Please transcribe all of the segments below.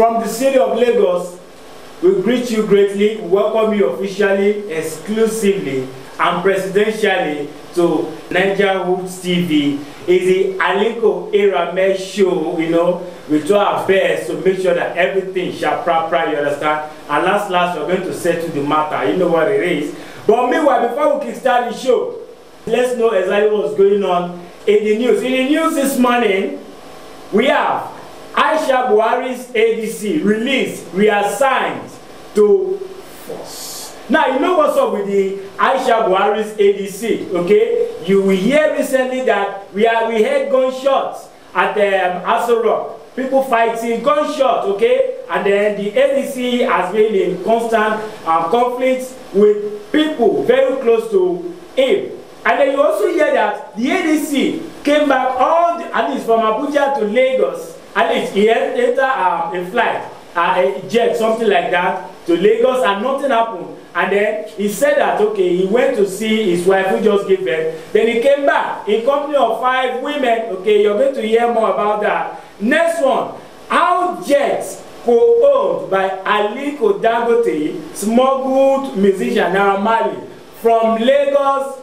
From the city of Lagos, we greet you greatly, welcome you officially, exclusively, and presidentially to Niger Hoops TV. It's the Aliko Irame show, you know. We do our best to make sure that everything shall proper, you understand? And last, last, we're going to settle the matter. You know what it is. But meanwhile, before we kickstart the show, let's know exactly what's going on in the news. In the news this morning, we have Aisha Buhari's ADC released reassigned to force. Now you know what's up with the Aisha Buhari's ADC, okay? You will hear recently that we are we heard gunshots at um, Aso Rock. People fighting gunshots, okay? And then the ADC has been in constant um, conflict with people very close to him. And then you also hear that the ADC came back all the, at least from Abuja to Lagos at least he enter um, a flight uh, a jet something like that to Lagos and nothing happened and then he said that okay he went to see his wife who just gave birth then he came back in company of five women okay you're going to hear more about that next one how jets co-owned by Aliko Dangote smuggled musician Naira Marley from Lagos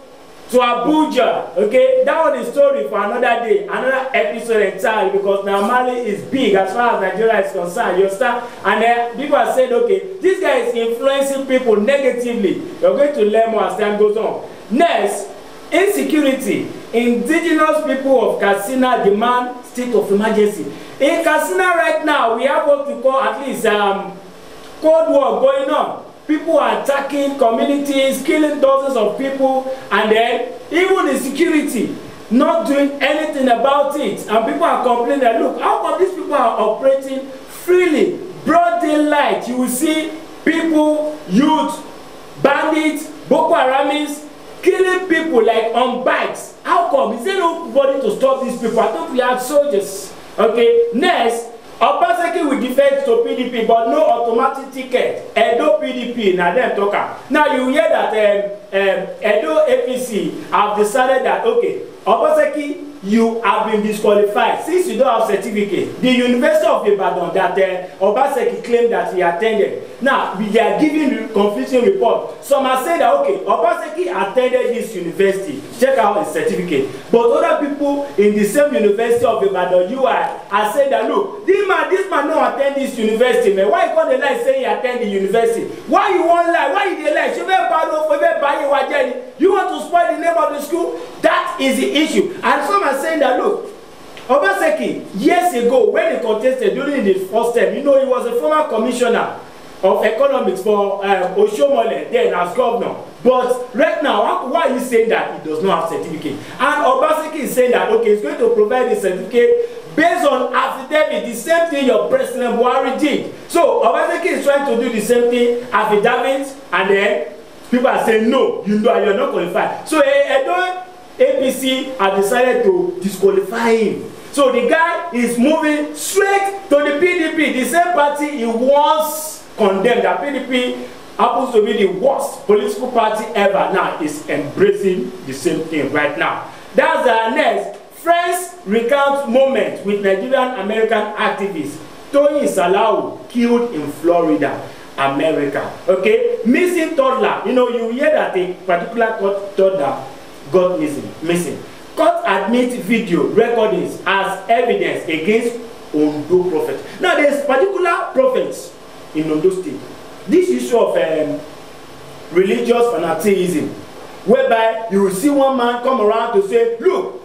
to Abuja. Okay, that one is story for another day, another episode entirely because now Mali is big as far as Nigeria is concerned. You understand? And then uh, people are saying, okay, this guy is influencing people negatively. You're going to learn more as time goes on. Next, insecurity. Indigenous people of Katsina demand state of emergency. In Katsina right now, we have what we call at least um, Cold War going on people are attacking communities, killing dozens of people, and then even the security not doing anything about it. And people are complaining that look, how come these people are operating freely, broad daylight? You will see people, youth, bandits, Boko Haramis, killing people like on bikes. How come? Is there nobody to stop these people? I thought we have soldiers. Okay, next. Obaseki will defect to PDP but no automatic ticket. Edo PDP na them talk Now you hear that um, um, Edo APC have decided that okay Obaseki you have been disqualified since you don't have certificate. The University of Ibadan that uh, Obaseki claimed that he attended. Now, we are giving you confusing report. Some are saying that, okay, Obaseki attended this university. Check out his certificate. But other people in the same university of Ibadan, UI, are saying that, look, this man, this man no attend this university, man. Why you call the lie saying he attend the university? Why you won't lie? Why you dey lie? Ṣé bẹ́ẹ̀ bá lọ fún bẹ́ẹ̀ bá You want to spoil the name of the school? That is the issue. And some are saying that, look, Obaseki, years ago, when he contested during the first term, you know, he was a former commissioner of economics for um, Oshiomhole then as governor but right now why are you saying that he does not have certificate and Obaseki is saying that okay he's going to provide a certificate based on affidavit the same thing your president Buhari did so Obaseki is trying to do the same thing affidavit and then people are saying no you know you are not qualified so e, Edo APC have decided to disqualify him so the guy is moving straight to the PDP the same party he once condemned that PDP happens to be the worst political party ever now is embracing the same thing right now. That's our next friends recount moment with Nigerian American activist Tony Salau killed in Florida. America. Okay? Missing toddler. You know, you hear that a particular toddler got missing. missing. Court admits video recordings as evidence against Ondo prophet. Now, there's particular prophets in Ondo State. This issue of um, religious fanaticism, whereby you will see one man come around to say, Look,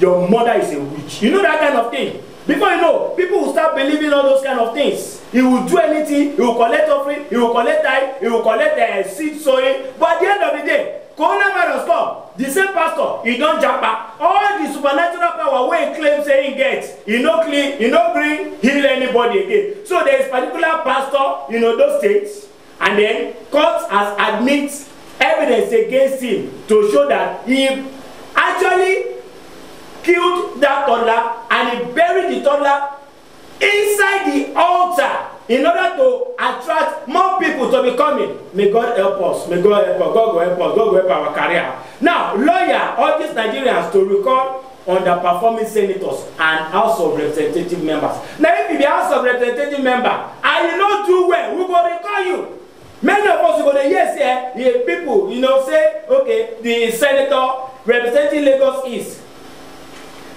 your mother is a witch. You know that kind of thing. Before you know, people will start believing all those kind of things. He will do anything, he will collect offering, he will collect tithe, he will collect uh, seed sowing, but at the end of the day, coronavirus come the same pastor e don japa all the supernatural power wey he claim say he get he no clean he no bring heal anybody again so there is particular pastor in odo state and then court has admit evidence against him to show that he actually killed that toddler and he buried the toddler inside the altar in order to attract more people to be coming may god help us may god help us god go help us god go help our career now lawyer all these nigerians to recall underperforming senators and house of representative members Now, if you be house of representative member and you no do well we go recall you many of us go dey hear say the people you know say okay the senator representing lagos east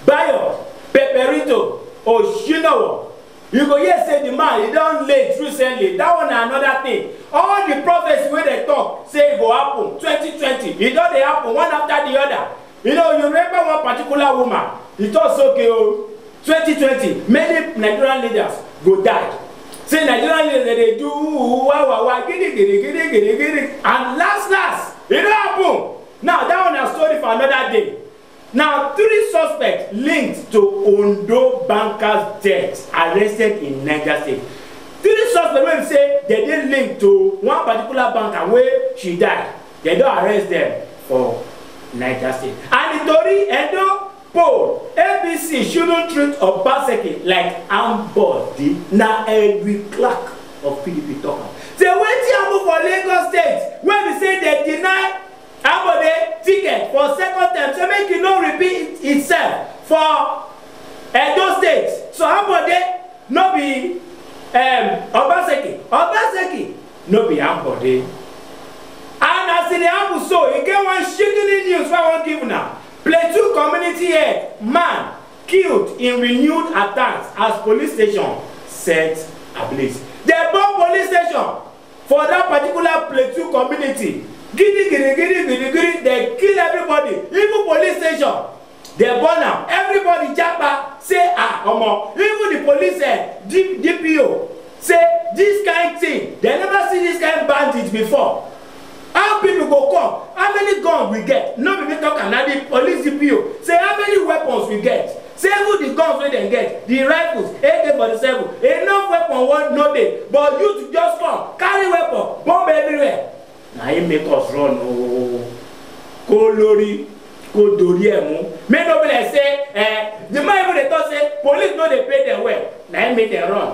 bayo peperito oshinowo you go hear say the man he don late recently that one na another thing all the prophets wey dey talk say e go happen 2020 e don dey happen one after the other you know you remember one particular woman he talk say okay o 2020 many nigerian leaders go die say nigerian leaders dey dey do wawawa gidi gidi gidi gidi gidi and last last e don happen now that one na story for another day Now, three suspects linked to Ondo banker's death arrested in Niger State. Three suspects wey be say dem dey linked to one particular banker wey she die. Dem don arrest dem for Niger State. And nítorí Edo poll ABC shouldn't treat Obaseki like ambodi na Edwin Clark of PDP talk am. Say wetin happen for Lagos State wey be say dem deny Ambode ticket for second term say make e no repeat itself for Edo state so Ambode no be um, Obaseki Obaseki no be Ambode and as e dey happen so e get one shikini news wey I wan give una Plateau community head man killed in renewed attacks as police station set ablaze. They bomb police station for that particular Plateau community giddy, giddy, giddy, giddy, giddy. They kill everybody. Even police station, they burn am. Everybody japa say ah omo. Even the police eh, D, DPO say this kind thing. They never see this kind bandit before. How people go come? How many guns we get? No be me talk am na the police DPO say how many weapons we get? say who the guns wey dem get the rifles ak47 enough weapon wan no dey but youth just come carry weapon bomb everywhere àyè mi kọ̀ sọ̀rọ̀ nù o kó lórí kó dorí ẹ̀ mú make nobody say ẹ the man even dey talk say police no dey pay them well na him make them run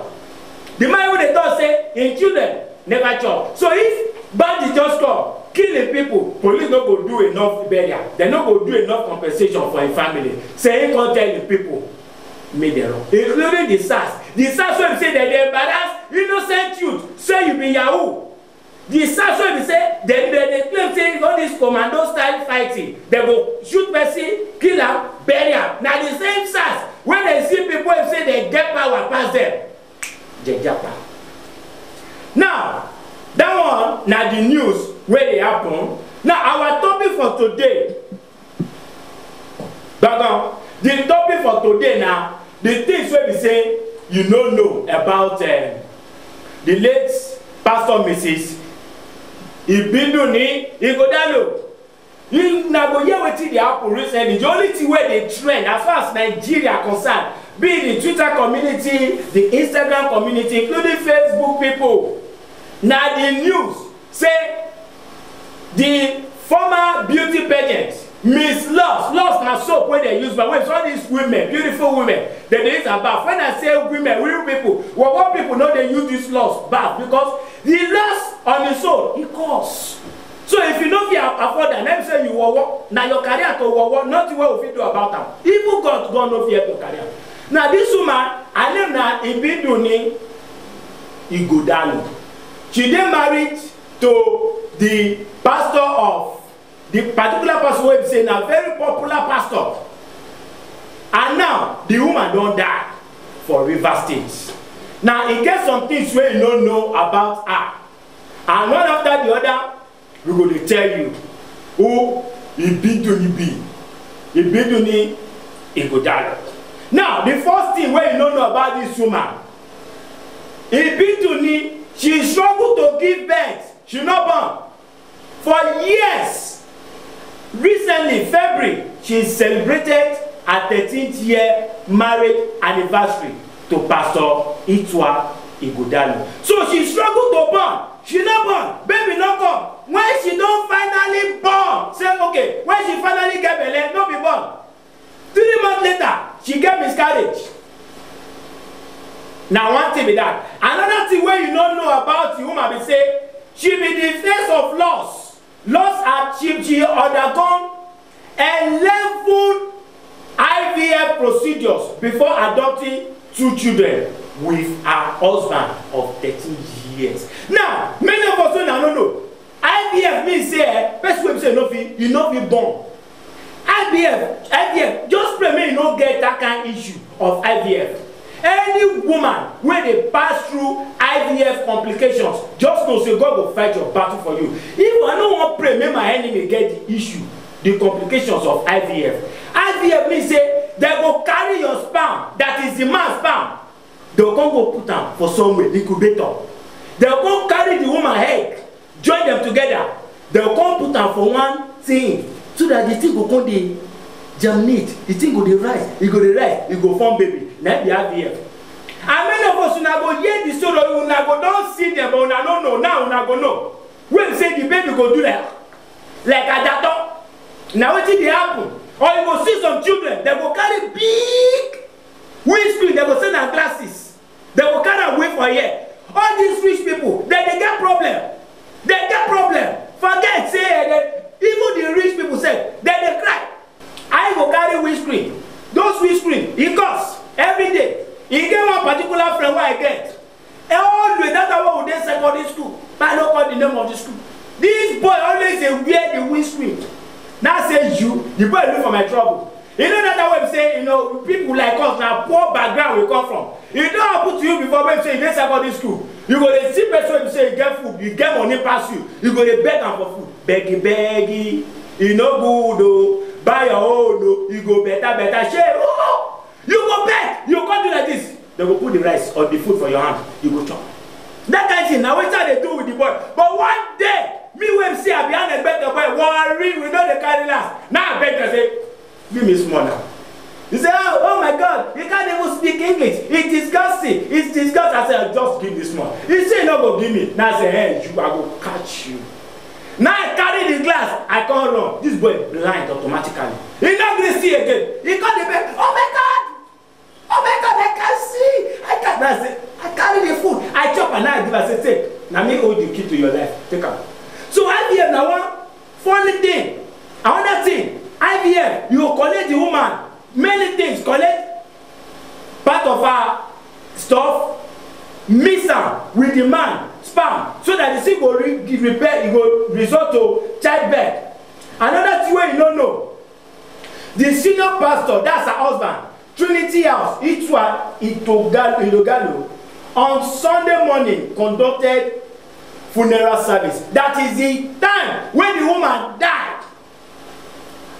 the man even dey talk say him children never chop so if bandit just come killing people police no go do enough burial dem no go do enough compensation for im family say im come tell im people make them run including the sars the sars wey be say dem dey embarrass innocent youth say you be yahoo the assassin be say dem dey dey claim say all this commando style fighting dem go shoot person kill am bury am na the same sars wey dey see people wey say dem get power pass dem jejapa now that one na the news wey dey happen now our topic for today gangan the topic for today na the things wey be say you no know about uh, the late pastor mrs Ibindu ni Igodalo. You na go hear wetin dey happen recently. The only thing wey dey trend as far as Nigeria concern be the Twitter community, the Instagram community, including Facebook people. Na the news say the former beauty pageant Miss Lust. Lust na soap wey dem use but wait all these women beautiful women dem dey use am baff when I say women real people well what people no dey use this lust baff because the loss on the soul e cost so if you no fit afford am let me say you wawa na your career to wawa nothing wey we fit do about am even God go no fit help your career na this woman her name na Ibidunni Ighodalo she dey married to the pastor of the particular person wey be say na very popular pastor and now the woman don die for rivers state now e get some things wey you no know about her and one after the other we go dey tell you who ibiduni e be ibiduni e e die. now the first thing wey you no know about this woman ibiduni she struggle to give birth she no born for years Recently, February, she celebrated her 13th year marriage anniversary to Pastor Itwa Ighodalo. So she struggled to born. She no born. Baby no come. When she don finally born, say okay, when she finally get belle, no be born. Three months later, she get miscarriage. Na one thing be that. Another thing wey you no know about the woman be say, she be the face of loss. Lordship she undergone 11 IVF procedures before adopting two children with her husband of 13 years. Now, many of us say na no IVF means say First, person say you no fit you not be born. IVF IVF just pray make you no get that kind issue of IVF any woman wey dey pass through ivf complications just know say god go fight your battle for you if i no wan pray make my enemy get the issue the complications of ivf ivf mean say dem go carry your sperm that is the man sperm dem come go put am for somewhere incubator dem come carry the woman egg join dem together dem come put am for one thing so that the thing go come dey germinate the thing go dey rise e go dey rise e go form baby na ɛdi adeɛ amenafo so na go yie di so do una go don see them but una no know now una go know wey say the baby go do like like ajato na wetin dey happen or you go see some children They go carry big windscreen They go send am glasses dem go carry away for here all these rich people you go dey beg am for food beggy beggy e no good o buy your own o e go better better shey o oh! you go beg you go do like this dem go put the rice or the food for your hand you go chop that kind thing na wetin i dey do with the boy but one day me wey see i beg the boy worry we no dey carry last now i beg dem say give me small now he say oh, oh my god He can't even speak english it is mercy it's discussed i say i just give this one You say he no go give me Now i say hey you i go catch you now i carry the glass i come run this boy blind automatically he no gree see again he come dey beg oh my god oh my god i can see i can na say i carry the food i chop and now i give am say take na me hold the key to your life take am so IBM na one funny thing another thing IBM. you go collect the woman many things collect part of her stuff mix am with the man sperm so that the seed go re repair e go result to childbirth another thing wey you no know the senior pastor that's her husband trinity house itua itogalo on sunday morning conducted funeral service that is the time when the woman died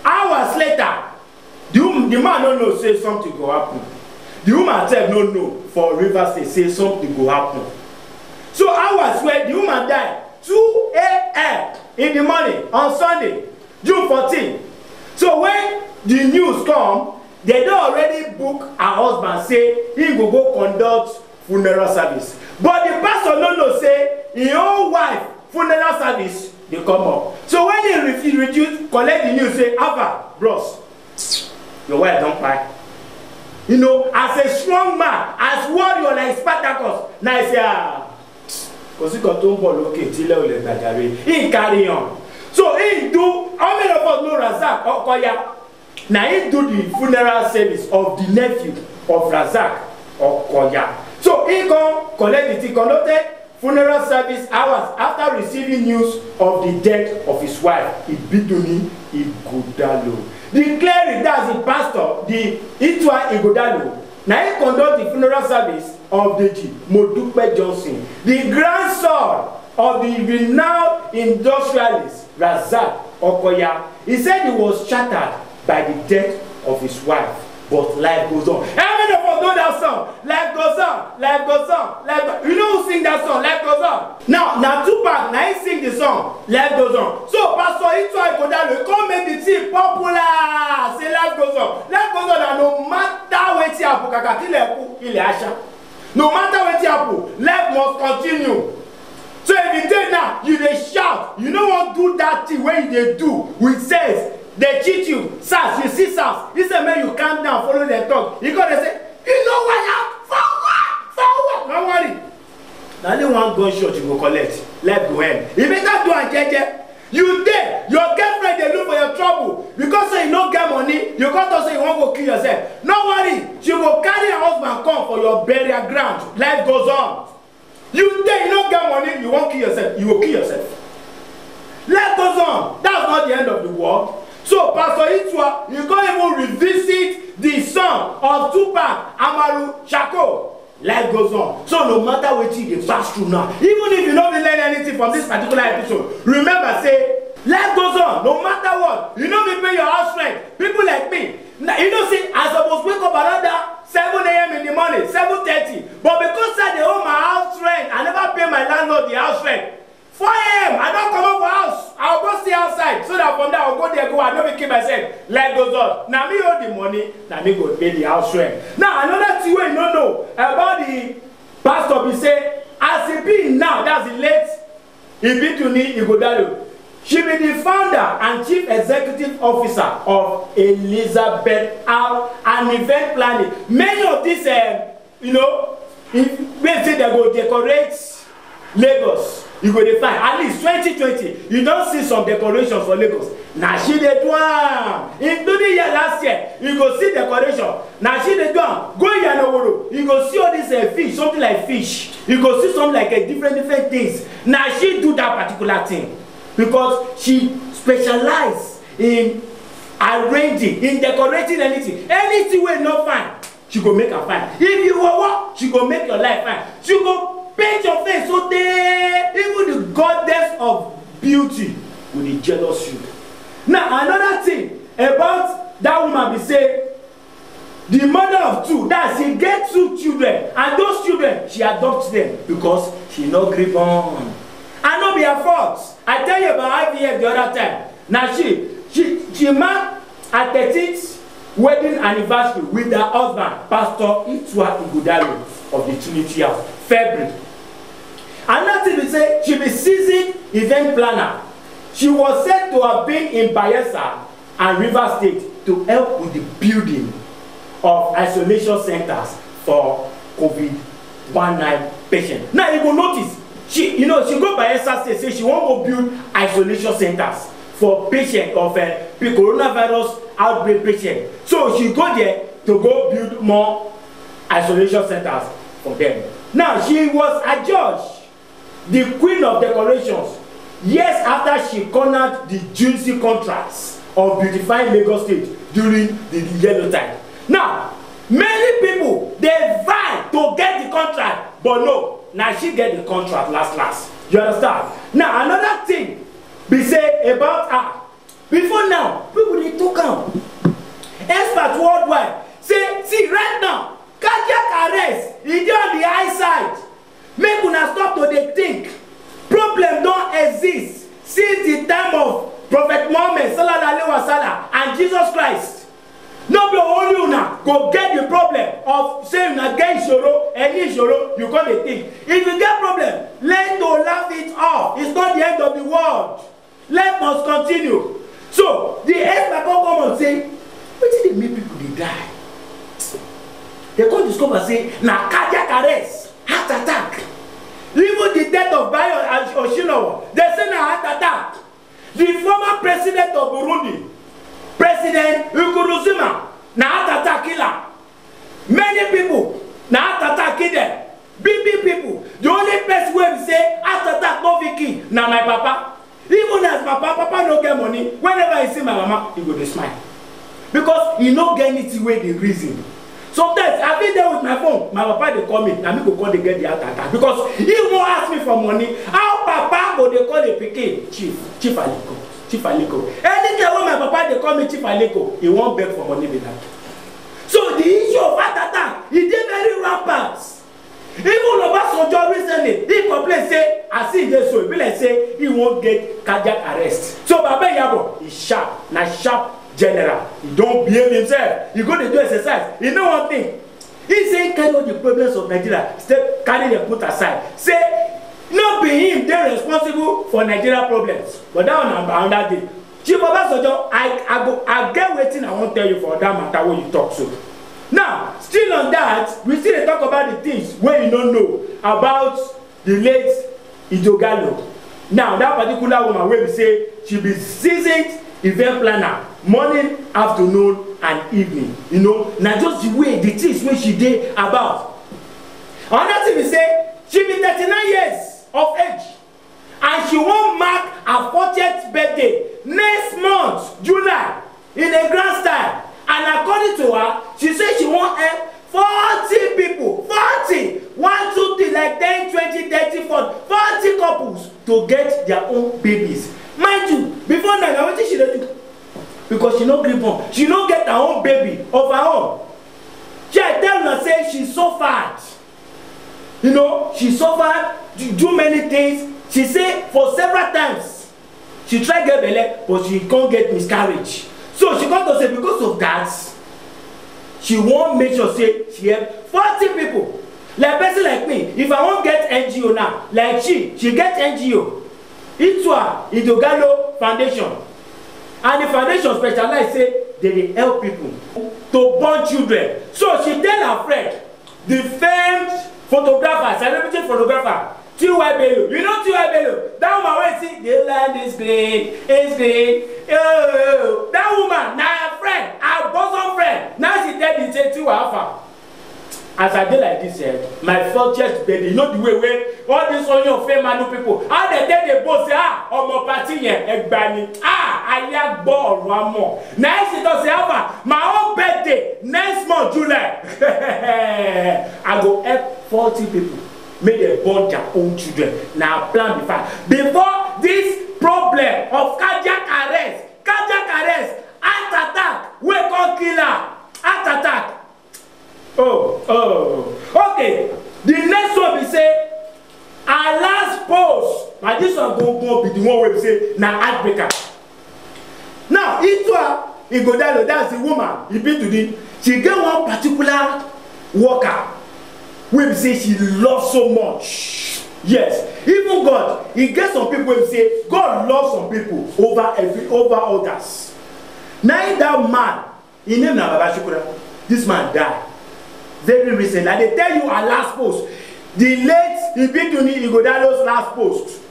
hours later the, the man no know say something go happen the woman sef no know for rivers state say something go happen so hours wey the woman die 2 a.m. in the morning on sunday june 14. so when the news come they don already book her husband say he go go conduct funeral service but the pastor no know say him own wife funeral service dey come up so when he reduce collect the news say haba bros your wife don kpai you know as a strong man as warrior like spartacus na ẹ ṣe ah kò sí kan tó ń bọ̀ lókè tílẹ̀ ò lè gbàjáre in carry on so he do how many of us know razak ọkọya na he do the funeral service of the nephew of razak ọkọya so he come collect the thing no take funeral service hours after receiving news of the death of his wife Ibidunni Ighodalo the cleric that's the pastor the Itua Ighodalo na he conduct the funeral service of Deji Modupe Johnson the grandson of the renowned industrialist Razak Okoya he said he was shattered by the death of his wife But life goes on. How many of us know that song? Life goes on, life goes on, life goes on. You know who sing that song? Life goes on. Now, now two Tupac, now he sing the song. Life goes on. So Pastor Ito Ikodalo, come make the thing popular. Say life goes on. Life goes on and no matter wetin you kàkà kí lè kú, kí lè àṣà. No matter wetin happen, life must continue. So if you dey now, you they shout. You no wan do that thing Where you dey do with sense they cheat you sars you see sars instead make you calm down follow dem talk you go dey say you know why i for what for what no worry na only one gunshot you go collect life go end you better do am jeje you dey your girlfriend dey look for your trouble because say you no get money you come talk say you wan go kill yourself no worry she go carry her husband come for your burial ground life goes on you dey you no get money you wan kill yourself you go kill yourself life goes on that's not the end of the world So Pastor Itua, you can't even revisit the song of Tupac Amaru Shako. Life goes on. So no matter what you dey fast through now, even if you no dey learn anything from this particular episode, remember say life goes on no matter what. You no know, pay your house rent. People like me, you know see, I suppose wake up around that seven a.m. in the morning, seven thirty. But because I don't owe my house rent, I never pay my landlord the house rent. 4 a.m. I don comot for house. I go stay outside so that from there I go there go I no be kill myself. Like goes ones. Na me hold the money. Na me go pay the house rent. Now another thing wey you no know about the pastor be say as e be now that's the late Ibitunni Ighodalo. She be the founder and chief executive officer of Elizabeth House and event planning. Many of these uh, you know, wey say dem go decorate Lagos you go dey find at least twenty twenty you don see some decoration for lagos na she dey do am including year last year you go see decoration na she dey do am go yanoworo you go see all this uh, fish something like fish you go see something like uh, different different things na she do that particular thing because she specialize in arranging in decorating anything anything wey no fine she go make am fine if you work work she go make your life fine she go paint your face so tey even the goddess of beauty go dey jealous you now another thing about that woman be say the mother of two that she get two children and those children she adopt them because she no gree born i no be her fault i tell you about ivf the other time na she she she mark her thirteenth wedding anniversary with her husband pastor itua ighodalo of the trinity house february Another thing we say, she be seasoned event planner. She was said to have been in Bayelsa and Rivers State to help with the building of isolation centers for COVID-19 patients. Now you go notice, she, you know, she go Bayelsa State say she wan go build isolation centers for patients of uh, coronavirus outbreak patients. So she go there to go build more isolation centers for them. Now she was adjudged the queen of decorations years after she cornered the juicy contracts of beautifying lagos state during the, yellow time. now many people dey vie to get the contract but no na she get the contract last last you understand now another thing be say about her before now people dey talk am expert worldwide say see right now cardiac arrest e dey on the high side make una stop to dey think problem don exist since the time of prophet muhammad sallallahu alaihi wasallam and jesus christ no be only una go get the problem of say una get isoro any isoro you come dey think if you get problem learn to laugh it off it's not the end of the world life must continue so the end, my come come out say wetin dey make people dey die they come discover say na cardiac arrest president of Burundi, President na Naatata Akila. Many people, na Naatata Akide, BB people. The only person wey be say Atata Akpoviki na my papa. Even as my papa, papa no get money, whenever he see my mama, he go dey smile. Because he no get anything wey dey reason. sometimes i dey there with my phone my papa dey call me na me go call the girl the atata because he wan ask me for money how papa go dey call the pikin chief chief aliko Chief Aliko. Anytime when my papa dey call me Chief Aliko, he wan beg for money be that. So the issue of Atata, e dey very rampant. Even Obasanjo recently, he complain say as he dey so, e be like say he wan get cardiac arrest. So Baba Yabo, he sharp, na sharp general. He don behave himself. He go dey do exercise. He know one thing. He say carry all the problems of Nigeria, step carry them put aside. Say no be him dey responsible for nigeria problems but that one na another day chief obasanjo i i go i get wetin i wan tell you for that matter wey you talk so now still on that we still dey talk about the things wey you no know about the late idogalo now that particular woman wey be say she be seasoned event planner morning afternoon and evening you know na just the way the things wey she dey about another thing be say she be thirty-nine years of age and she wan mark her 40th birthday next month july in a grand style and according to her she say she wan help forty people forty one two three like ten twenty thirty forty forty couples to get their own babies mind you before now na wetin she dey do because she no gree born she no get her own baby of her own she tell una say she fat you know she suffer do many things she say for several times she try get belle but she come get miscarriage so she come to say because of that she wan make sure say she help forty people like person like me if i wan get ngo now like she she get ngo itua idogalo foundation and the foundation specialize say they dey help people to born children so she tell her friend the famed photographer celebrity photographer tiwa bello you know tiwa bello that woman wey sing the land is green is green oh, that woman na her friend her bosom friend now she tell me say tiwa alpha as i dey like this eh my fortieth birthday you know the way wey all these onion fair manu people how they take dey boast say ah ọmọ party yẹn ẹgba ni ah ayé agbọ ọrùn amọ na ẹ sì tọ sí alpha my own birthday next month july i go help forty people make dem born their own children na plan be fine before this problem of cardiac arrest cardiac arrest heart attack wey come kill am heart attack oh oh okay the next one be say our last post na this one go go be the one wey be say na heartbreaker now itua igodalo e that's the woman e be to the she get one particular worker wey be say she love so much yes even god e get some people wey be say god love some people over every over others na him that man him e name na baba shukura this man die David reason i dey tell you her last post the late Ibidunni Igodalo's last post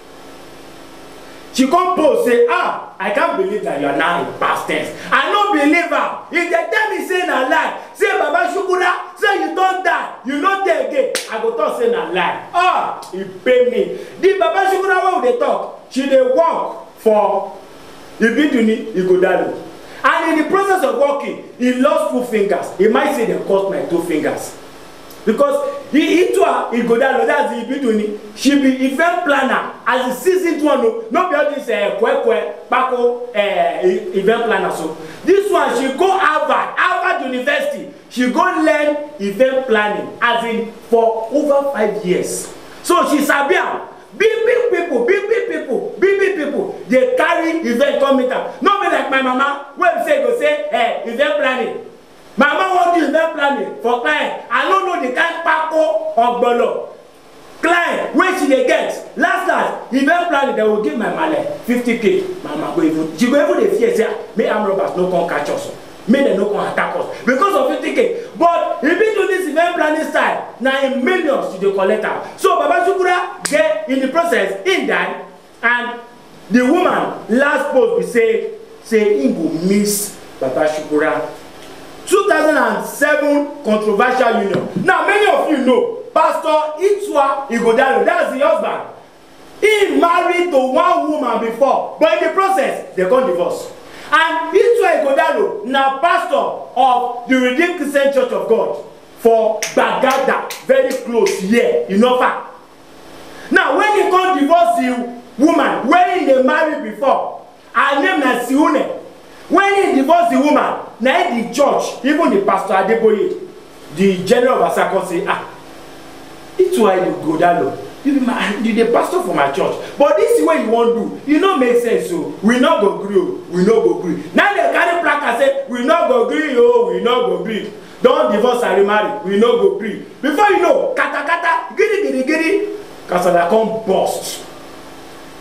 she come post say ah i can't believe that you are now in past tense i no believe am if dem tell me say na lie say baba shukura say you don die you no dey again i go talk say na lie ah e pain me the baba shukura wey we dey talk she dey work for Ibidunni Ighodalo And in the process of walking, he lost two fingers. He might say they cut my two fingers. Because he into her, ah, he go down, that's the Ibiduni. She be event planner. As the season one, no, no be all this uh, kwe kwe, bako, eh, e, event planner. So this one, she go Harvard, Harvard University. She go learn event planning, as in for over five years. So she sabi am big big people big big people big big people dey carry event come meet am no be like my mama wey be say go say eh, event planning mama wan do event planning for client i no know the kind kpako ogbolo client wey she dey get last last event planning dem go give my malle fifty k mama go even she go even dey fear say ah, make armed robbers no come catch us. May they not come attack us because of you thinking but e be do this event planning style na in millions to dey collect am so baba sukura get in the process im die and the woman last post be say say im go miss baba sukura 2007 controversial union now many of you know pastor itua igodalo that's the husband he married to one woman before but in the process they come divorce And Israel Godalo, now pastor of the Redeemed Christian Church of God for Bagada, very close here in Ofa. Now, when he come divorce the woman, when he dey marry before, her name na Sihune. When he divorce the woman, na the church, even the pastor Adeboye, the general of Asako say, ah, it why you Godalo you be my you dey pastor for my church but this way you wan do You no make sense o oh. we no go gree o oh. we no go gree now dem carry placard say we no go gree o oh. we no go gree don divorce and remarry we no go gree before you know katakata girigirigiri kasala come burst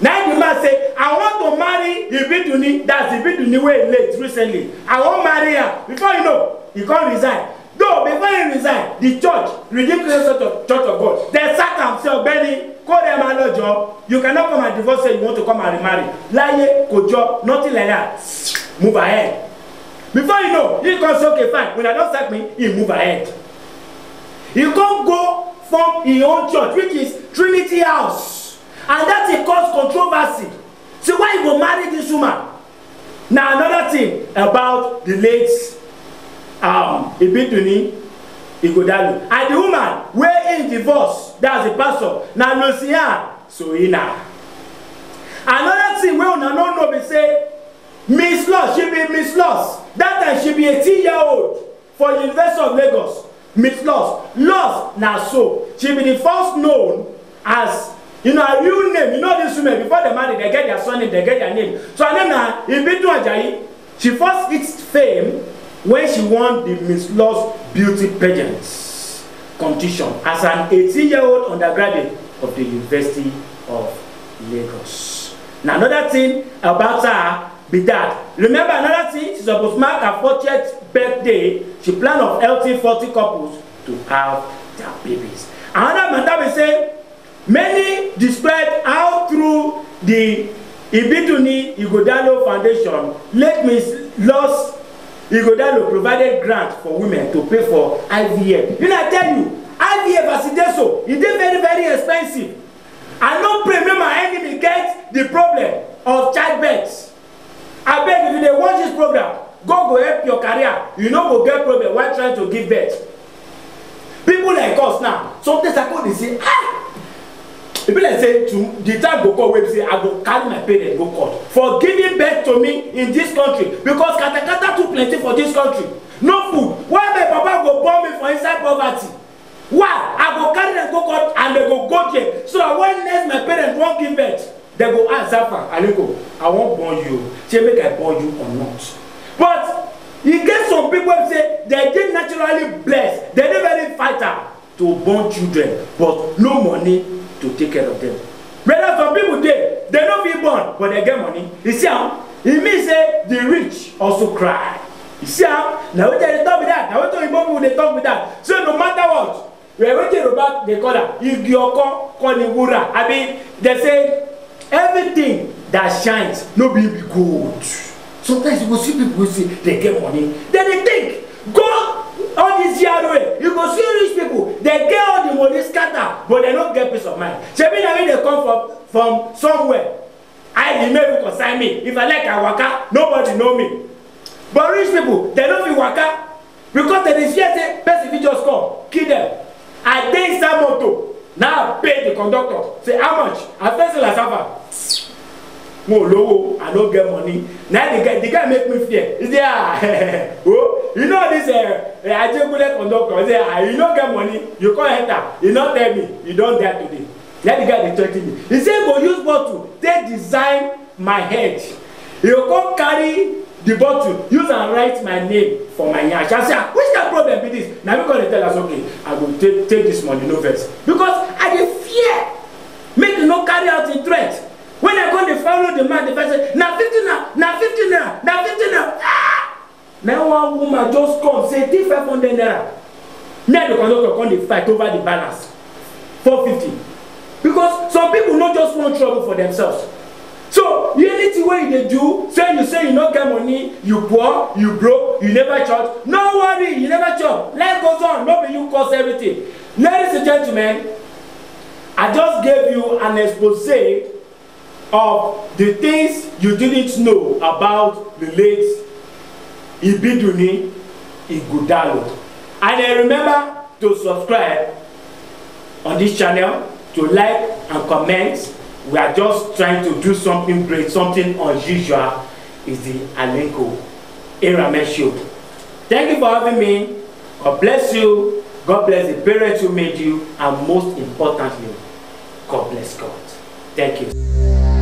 Now the man say i want to marry ibiduni that's ibiduni wey late recently i wan marry am before you know he come resign So before he resign, the church, ridiculous church of, church of God, they sack and say Benny, call rẹ̀ máa lọ jọ. You cannot come and divorce say you want to come and remarry. Láyé kò job, nothing like that. Move ahead. Before you know, he come say okay fine, I don't sack me, he move ahead. He can't go from his own church which is Trinity House and that's dey cause controversy. See why he go marry this woman? Now another thing about the late um, Ibidunni Ighodalo and the woman wey im divorce that's the pastor na Losia Soyina another thing wey una no know be say Miss Loss she be Miss Loss that time she be eighteen year old for University of Lagos Miss Loss Loss na so she be the first known as you know her real name you know this women before they marry they get their surname they get their name so her name na Ibidun Ajayi she first reach fame when she won the Miss Love Beauty Pageant competition as an 18-year-old undergraduate of the University of Lagos. Na another thing about her be that remember another thing she suppose mark her 40th birthday she plan of helping 40 couples to have their babies. Another matter be say many describe how through the Ibidunni Ighodalo Foundation late Miss Lost igodalo provided grant for women to pay for ivf you know, I tell you ivf as e dey so e dey very very expensive i no pray make my enemy get the problem of childbirth abeg if you dey watch this program god go help your career you no go get problem while trying to give birth people like us now sometimes i go dey say ah e be like say to the time go come wey be say i go carry my parents go court for giving birth to me in this country because katakata too plenty for this country no food why my papa go born me for inside poverty why i go carry dem go court and they go go there so that when next my parents wan give birth they go ask zafa aliko i wan born you shey make i born you or not but e get some people wey say dem dey naturally blessed dem dey very fighter to born children but no money to take care of them whether some people dey dem no fit born but dem get money you see am e mean say the rich also cry you see am na wetin i dey talk be that na wetin oyibo people dey talk be that so no matter what wetin yoruba dey call am igi oko kọni wura abi dem say everything that shines no be be gold sometimes you go see people wey say dem get money dem dey think gold GRA you go see rich people they get all the money scattered, but they no get peace of mind shebi na me they come from from somewhere i dey make you consign me if i like i waka nobody know me but rich people dem no fit waka because dem dey fear say person fit just come kill them. i take some motor now i pay the conductor say how much i first say na seven mo lowo i no get money na the guy the guy make me fear he say ah oh you know this uh, eh, eh, ajegunle conductor he say ah you no get money you come enter he no tell me you don die today na the guy dey threa ten me he say go use bottle take design my head he go come carry the bottle use am write my name for my yansh i say ah which kind problem be this na me come dey tell am okay i go take take this money no vex because i dey fear make you no carry out the threat When I go, they follow the man, the person say, now 50 now, now 50 now, now 50 now. Now one woman just comes. say, take 500 naira. Now the conductor come, they fight over the balance. 450. Because some people not just want trouble for themselves. So anything wey you dey do say you say you not get money you poor you broke you never charge. no worry you never charge. life goes on no you cause everything ladies and gentlemen i just gave you an expose of the things you didn't know about the late Ibidunni Igudalo, And then remember to subscribe on this channel, to like and comment. We are just trying to do something great, something unusual. Is the Alenko Eramet Show. Thank you for having me. God bless you. God bless the parents who made you. And most importantly, God bless God. Thank you.